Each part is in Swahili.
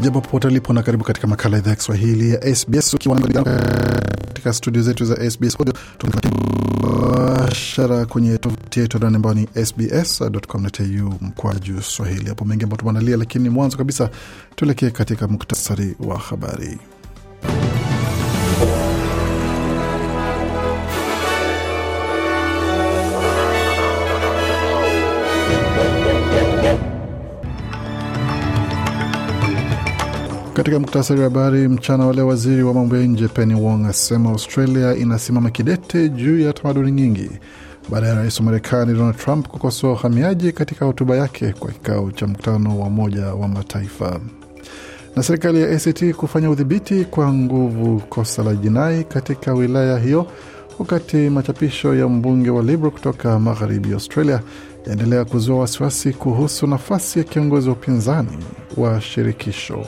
jambo popote ulipo, na karibu katika makala idhaa ya Kiswahili ya SBS ukiwa katika studio zetu za SBS Audio kwenye tovuti yetu ndani ambayo ni sbs.com.au mkwaju swahili. Hapo mengi ambayo tumeandalia, lakini mwanzo kabisa tuelekee katika muktasari wa habari. Katika muktasari wa habari mchana wale waziri wa mambo ya nje Penny Wong asema Australia inasimama kidete juu ya tamaduni nyingi baada ya rais wa Marekani Donald Trump kukosoa uhamiaji katika hotuba yake kwa kikao cha mkutano wa Umoja wa Mataifa. Na serikali ya ACT kufanya udhibiti kwa nguvu kosa la jinai katika wilaya hiyo, wakati machapisho ya mbunge wa Liberal kutoka magharibi Australia yaendelea kuzua wasiwasi kuhusu nafasi ya kiongozi wa upinzani wa shirikisho.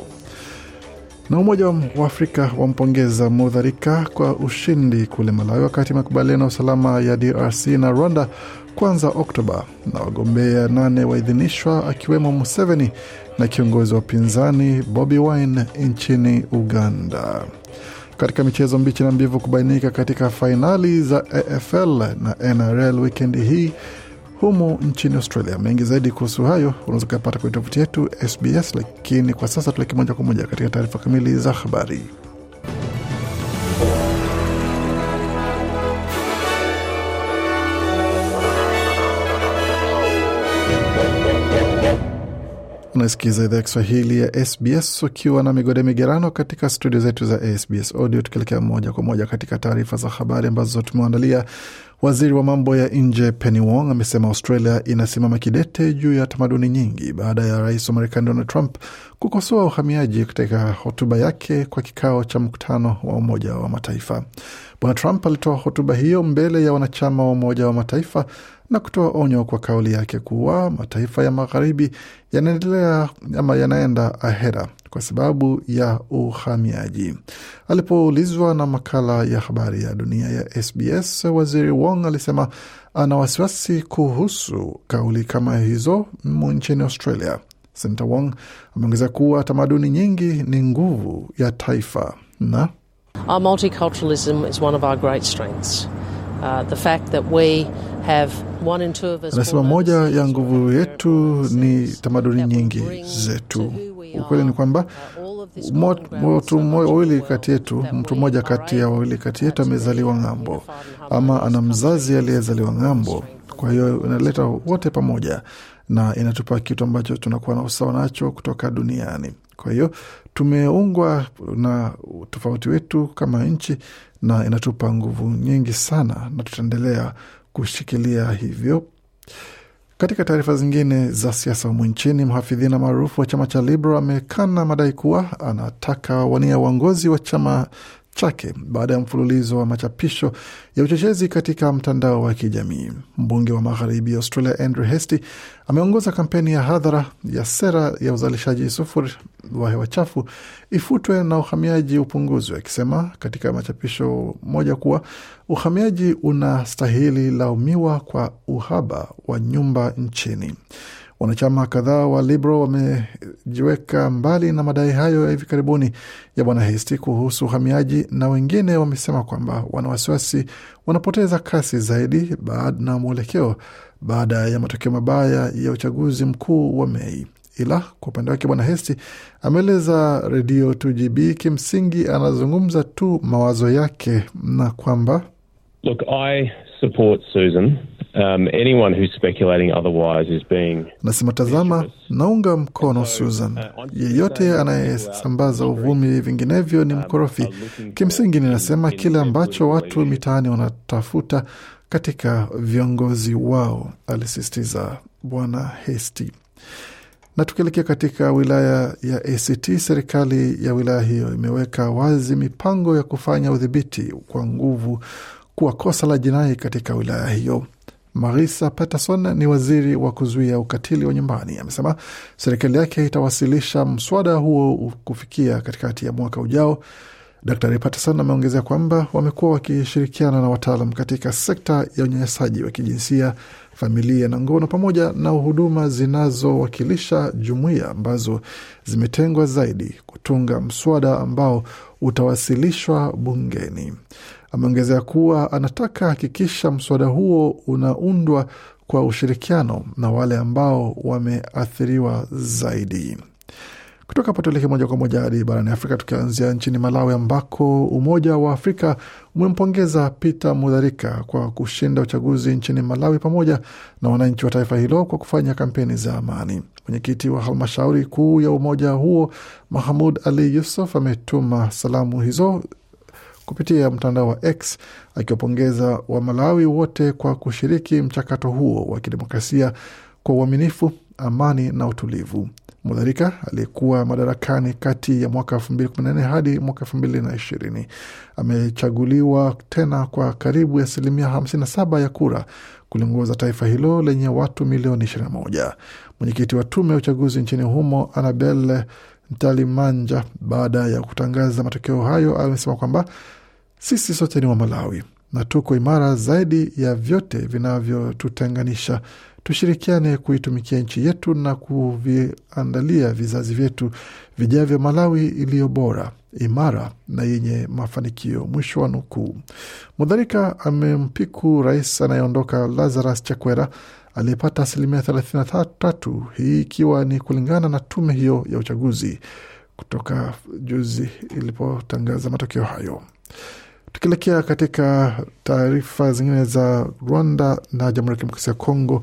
Na Umoja wa Afrika wampongeza Mudharika kwa ushindi kule Malawi, wakati makubaliano ya usalama ya DRC na Rwanda kwanza Oktoba, na wagombea nane waidhinishwa, akiwemo Museveni na kiongozi wa upinzani Bobi Wine nchini Uganda. Katika michezo mbichi na mbivu kubainika katika fainali za AFL na NRL wikendi hii humu nchini Australia. Mengi zaidi kuhusu hayo unaweza kuyapata kwenye tovuti yetu SBS, lakini kwa sasa tuleke moja kwa moja katika taarifa kamili za habari. Unasikiza idhaa ya Kiswahili ya SBS ukiwa na migode migerano katika studio zetu za SBS Audio, tukielekea moja kwa moja katika taarifa za habari ambazo tumeandalia. Waziri wa mambo ya nje Penny Wong amesema Australia inasimama kidete juu ya tamaduni nyingi baada ya rais wa Marekani Donald Trump kukosoa uhamiaji katika hotuba yake kwa kikao cha mkutano wa Umoja wa Mataifa. Bwana Trump alitoa hotuba hiyo mbele ya wanachama wa Umoja wa Mataifa na kutoa onyo kwa kauli yake kuwa mataifa ya magharibi yanaendelea ama yanaenda ahera kwa sababu ya uhamiaji. Alipoulizwa na makala ya habari ya dunia ya SBS, waziri Wong alisema ana wasiwasi kuhusu kauli kama hizo nchini Australia. senta Wong ameongeza kuwa tamaduni nyingi ni nguvu ya taifa na Our multiculturalism is one of our great strengths. Uh, the fact that we have one two of us. Anasema moja ya nguvu yetu ni tamaduni nyingi zetu ukweli ni kwamba mmoja uh, wawili kati yetu, mtu mmoja kati ya wawili kati yetu amezaliwa ng'ambo, ama ana mzazi aliyezaliwa ng'ambo. Kwa hiyo inaleta wote pamoja na inatupa kitu ambacho tunakuwa na usawa nacho kutoka duniani. Kwa hiyo tumeungwa na tofauti wetu kama nchi, na inatupa nguvu nyingi sana, na tutaendelea kushikilia hivyo. Katika taarifa zingine za siasa humu nchini, mhafidhina maarufu wa chama cha Liberal amekana madai kuwa anataka wania uongozi wa chama chake baada ya mfululizo wa machapisho ya uchochezi katika mtandao wa kijamii. Mbunge wa magharibi Australia Andrew Hastie ameongoza kampeni ya hadhara ya sera ya uzalishaji sufuri wa hewa chafu ifutwe na uhamiaji upunguzwe, akisema katika machapisho moja kuwa uhamiaji unastahili laumiwa kwa uhaba wa nyumba nchini. Wanachama kadhaa wa Liberal wamejiweka mbali na madai hayo ya hivi karibuni ya bwana Hesti kuhusu uhamiaji, na wengine wamesema kwamba wana wasiwasi wanapoteza kasi zaidi na mwelekeo baada ya matokeo mabaya ya uchaguzi mkuu wa Mei. Ila kwa upande wake bwana Hesti ameeleza redio 2GB kimsingi anazungumza tu mawazo yake na kwamba Look, I support Susan. Um, anyone who's speculating otherwise is being... Nasema tazama, naunga mkono Susan, uh, yeyote anayesambaza uh, uvumi vinginevyo ni um, mkorofi. Kimsingi ninasema kile ambacho watu mitaani wanatafuta katika viongozi wao, alisisitiza Bwana Hesti. Na tukielekea katika wilaya ya ACT, serikali ya wilaya hiyo imeweka wazi mipango ya kufanya udhibiti kwa nguvu kuwa kosa la jinai katika wilaya hiyo. Marisa Peterson ni waziri wa kuzuia ukatili wa nyumbani, amesema serikali yake itawasilisha mswada huo kufikia katikati ya mwaka ujao. Dr Patterson ameongezea kwamba wamekuwa wakishirikiana na wataalam katika sekta ya unyanyasaji wa kijinsia, familia na ngono, pamoja na huduma zinazowakilisha jumuiya ambazo zimetengwa zaidi, kutunga mswada ambao utawasilishwa bungeni. Ameongezea kuwa anataka hakikisha mswada huo unaundwa kwa ushirikiano na wale ambao wameathiriwa zaidi. Kutoka hapo tuelekee moja kwa moja hadi barani Afrika, tukianzia nchini Malawi ambako Umoja wa Afrika umempongeza Peter Mutharika kwa kushinda uchaguzi nchini Malawi pamoja na wananchi wa taifa hilo kwa kufanya kampeni za amani. Mwenyekiti wa halmashauri kuu ya umoja huo Mahamud Ali Yusuf ametuma salamu hizo kupitia mtandao wa X akiwapongeza Wamalawi wote kwa kushiriki mchakato huo wa kidemokrasia kwa uaminifu, amani na utulivu. Mudharika aliyekuwa madarakani kati ya mwaka nne hadi mwaka ishirini amechaguliwa tena kwa karibu asilimia 57 ya kura kuliongoza taifa hilo lenye watu milioni moja. Mwenyekiti wa tume ya uchaguzi nchini humo Anabel Ntalimanja, baada ya kutangaza matokeo hayo, amesema kwamba sisi sote ni wa Malawi na tuko imara zaidi ya vyote vinavyotutenganisha. Tushirikiane kuitumikia nchi yetu na kuviandalia vizazi vyetu vijavyo Malawi iliyo bora, imara na yenye mafanikio. Mwisho wa nukuu. Mudharika amempiku rais anayeondoka Lazarus Chakwera aliyepata asilimia 33, hii ikiwa ni kulingana na tume hiyo ya uchaguzi kutoka juzi ilipotangaza matokeo hayo. Tukielekea katika taarifa zingine za Rwanda na Jamhuri ya Kidemokrasia ya Kongo,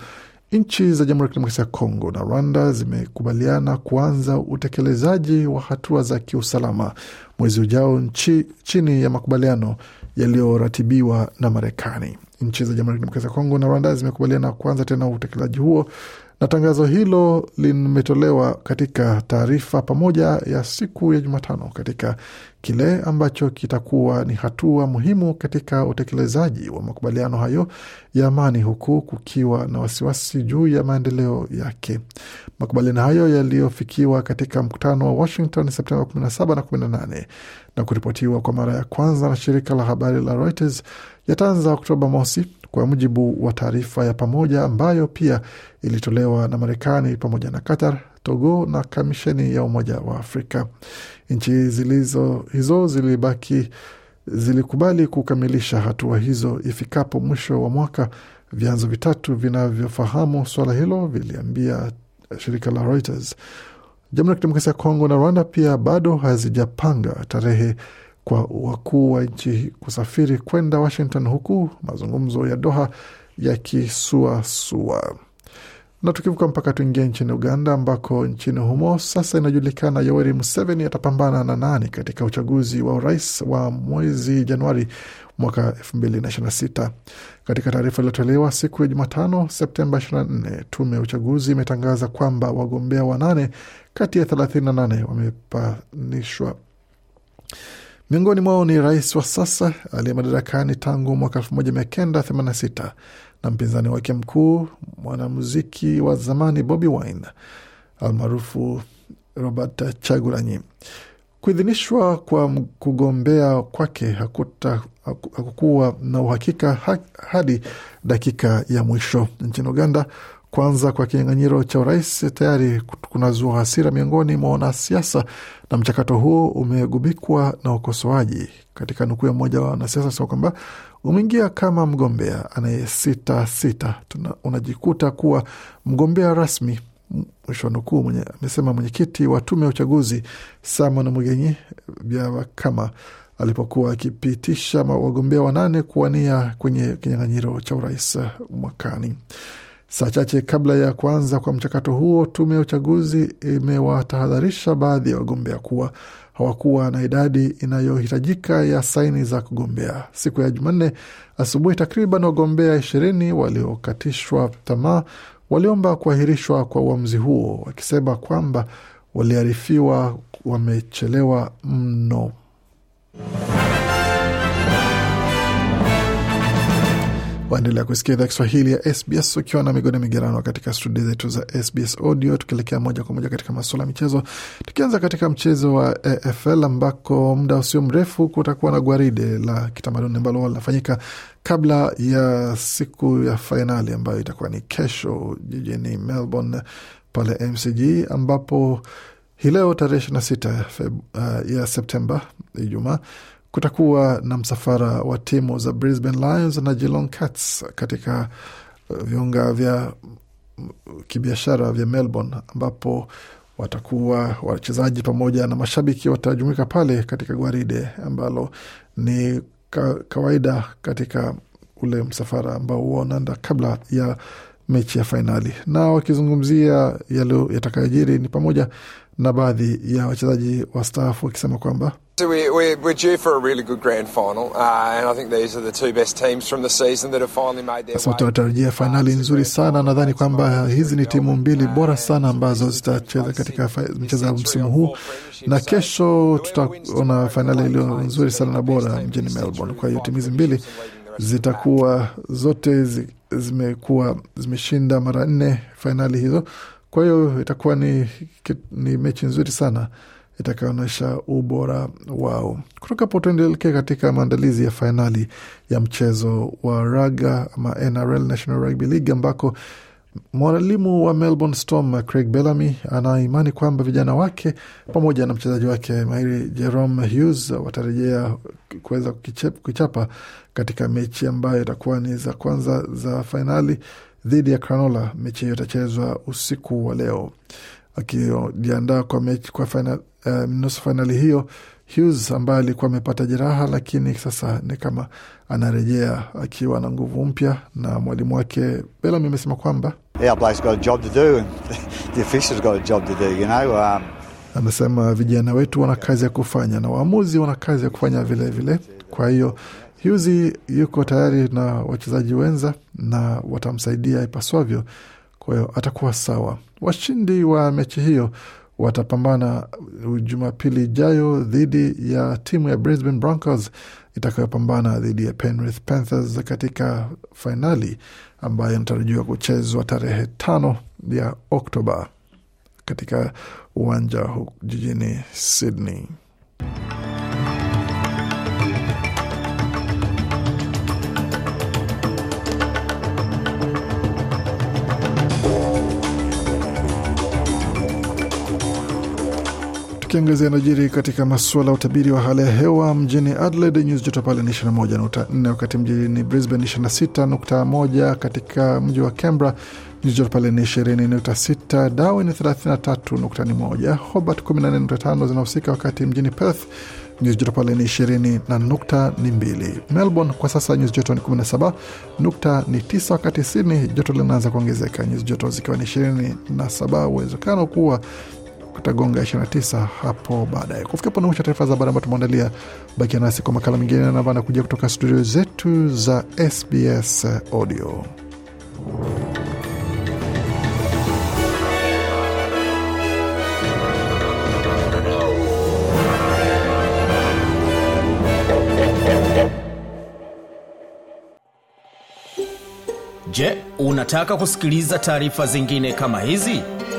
nchi za Jamhuri ya Kidemokrasia ya Kongo na Rwanda zimekubaliana kuanza utekelezaji wa hatua za kiusalama mwezi ujao nchi, chini ya makubaliano yaliyoratibiwa na Marekani. Nchi za Jamhuri ya Kidemokrasia ya Kongo na Rwanda zimekubaliana kuanza tena utekelezaji huo na tangazo hilo limetolewa katika taarifa pamoja ya siku ya Jumatano katika kile ambacho kitakuwa ni hatua muhimu katika utekelezaji wa makubaliano hayo ya amani, huku kukiwa na wasiwasi juu ya maendeleo yake. Makubaliano hayo yaliyofikiwa katika mkutano wa Washington Septemba 17 na 18 na kuripotiwa kwa mara ya kwanza na shirika la habari la Reuters yataanza Oktoba mosi kwa mujibu wa taarifa ya pamoja ambayo pia ilitolewa na Marekani pamoja na Qatar, Togo na kamisheni ya Umoja wa Afrika. Nchi zilizo hizo zilibaki zilikubali kukamilisha hatua hizo ifikapo mwisho wa mwaka. Vyanzo vitatu vinavyofahamu swala hilo viliambia shirika la Reuters. Jamhuri ya Kidemokrasia ya Kongo na Rwanda pia bado hazijapanga tarehe kwa wakuu wa nchi kusafiri kwenda Washington, huku mazungumzo ya Doha yakisuasua. Na tukivuka mpaka tuingie nchini Uganda, ambako nchini humo sasa inajulikana Yoweri Museveni atapambana na nani katika uchaguzi wa urais wa mwezi Januari mwaka 2026. Katika taarifa iliyotolewa siku ya Jumatano, Septemba 24, tume ya uchaguzi imetangaza kwamba wagombea wanane kati ya 38 wamepanishwa Miongoni mwao ni rais wa sasa aliye madarakani tangu mwaka 1986 na mpinzani wake mkuu mwanamuziki wa zamani Bobi Wine almaarufu Robert Chagulanyi. Kuidhinishwa kwa kugombea kwake hakukuwa na uhakika hadi dakika ya mwisho. Nchini Uganda, kwanza kwa kinyang'anyiro cha urais tayari kunazua hasira miongoni mwa wanasiasa, na mchakato huo umegubikwa na ukosoaji. Katika nukuu ya mmoja wa wanasiasa sema kwamba umeingia kama mgombea anayesita sita, unajikuta kuwa mgombea rasmi mwisho wa nukuu. Mwenye, amesema mwenyekiti wa tume ya uchaguzi Samon Mugenyi Byabakama alipokuwa akipitisha wagombea wanane kuwania kwenye kinyang'anyiro cha urais mwakani. Saa chache kabla ya kuanza kwa mchakato huo, tume ya uchaguzi imewatahadharisha baadhi ya wagombea kuwa hawakuwa na idadi inayohitajika ya saini za kugombea. Siku ya Jumanne asubuhi, takriban wagombea ishirini waliokatishwa tamaa waliomba kuahirishwa kwa uamuzi huo, wakisema kwamba waliarifiwa wamechelewa mno. Waendelea kusikia idhaa Kiswahili ya SBS ukiwa na migodi migerano katika studio zetu za SBS Audio, tukielekea moja kwa moja katika masuala ya michezo, tukianza katika mchezo wa AFL ambako muda usio mrefu kutakuwa na gwaride la kitamaduni ambalo linafanyika kabla ya siku ya fainali ambayo itakuwa ni kesho jijini Melbourne pale MCG ambapo hii leo tarehe 26 ya uh, Septemba Ijumaa Kutakuwa na msafara wa timu za Brisbane Lions na Geelong Cats katika uh, viunga vya mm, kibiashara vya Melbourne ambapo watakuwa wachezaji pamoja na mashabiki watajumuika pale katika gwaride ambalo ni ka, kawaida katika ule msafara ambao huwa unaenda kabla ya mechi ya fainali. Na wakizungumzia yalo yatakayojiri ni pamoja na baadhi ya wachezaji wa wastaafu wakisema kwamba So we, we, we're due for a really good grand final uh, and I think these are the two best teams from the season that have finally made their way. Tunatarajia fainali nzuri sana. Nadhani kwamba hizi ni timu mbili uh, bora sana ambazo zitacheza katika mchezo wa msimu huu, na kesho tutaona fainali iliyo nzuri sana na bora mjini Melbourne. Kwa hiyo timu hizi mbili zitakuwa zote zimekuwa zimeshinda mara nne fainali hizo kwa hiyo itakuwa ni, ni mechi nzuri sana itakayoonyesha ubora wao. Kutoka hapo tuendelekea katika maandalizi ya fainali ya mchezo wa raga ama NRL, National Rugby League, ambako mwalimu wa Melbourne Storm Craig Bellamy anaimani kwamba vijana wake pamoja na mchezaji wake mahiri Jerome Hughes watarejea kuweza kuchapa katika mechi ambayo itakuwa ni za kwanza za fainali dhidi ya Granola. Mechi hiyo itachezwa usiku wa leo. Akijiandaa kwa mechi kwa final, uh, nusu fainali hiyo, Hughes ambaye alikuwa amepata jeraha, lakini sasa ni kama anarejea akiwa na nguvu mpya, na mwalimu wake Bellamy amesema kwamba anasema um, vijana wetu wana kazi ya kufanya na waamuzi wana kazi ya kufanya vilevile vile. Kwa hiyo Hyuzi yuko tayari na wachezaji wenza na watamsaidia ipaswavyo, kwa hiyo atakuwa sawa. Washindi wa mechi hiyo watapambana Jumapili ijayo dhidi ya timu ya Brisbane Broncos itakayopambana dhidi ya Penrith Panthers katika fainali ambayo inatarajiwa kuchezwa tarehe tano ya Oktoba katika uwanja jijini Sydney. Tukiangazia najiri katika masuala ya utabiri wa hali ya hewa mjini Adelaide, nyuzi joto pale ni 21.4, wakati mjini Brisbane 26.1, katika mji wa Canberra nyuzi joto pale ni 20.6, Darwin 33.1, Hobart 14.5 zinahusika, wakati mjini Perth nyuzi joto pale ni 20 na nukta ni mbili. Melbourne kwa sasa nyuzi joto ni 17 nukta ni wakati Sydney joto linaanza kuongezeka nyuzi joto zikiwa ni 27, uwezekano kuwa kutagonga 29 hapo baadaye. Kufikia hapo mwisho taarifa za habari ambayo tumeandalia. Bakia nasi kwa makala mengine ambayo kuja kutoka studio zetu za SBS Audio. Je, unataka kusikiliza taarifa zingine kama hizi?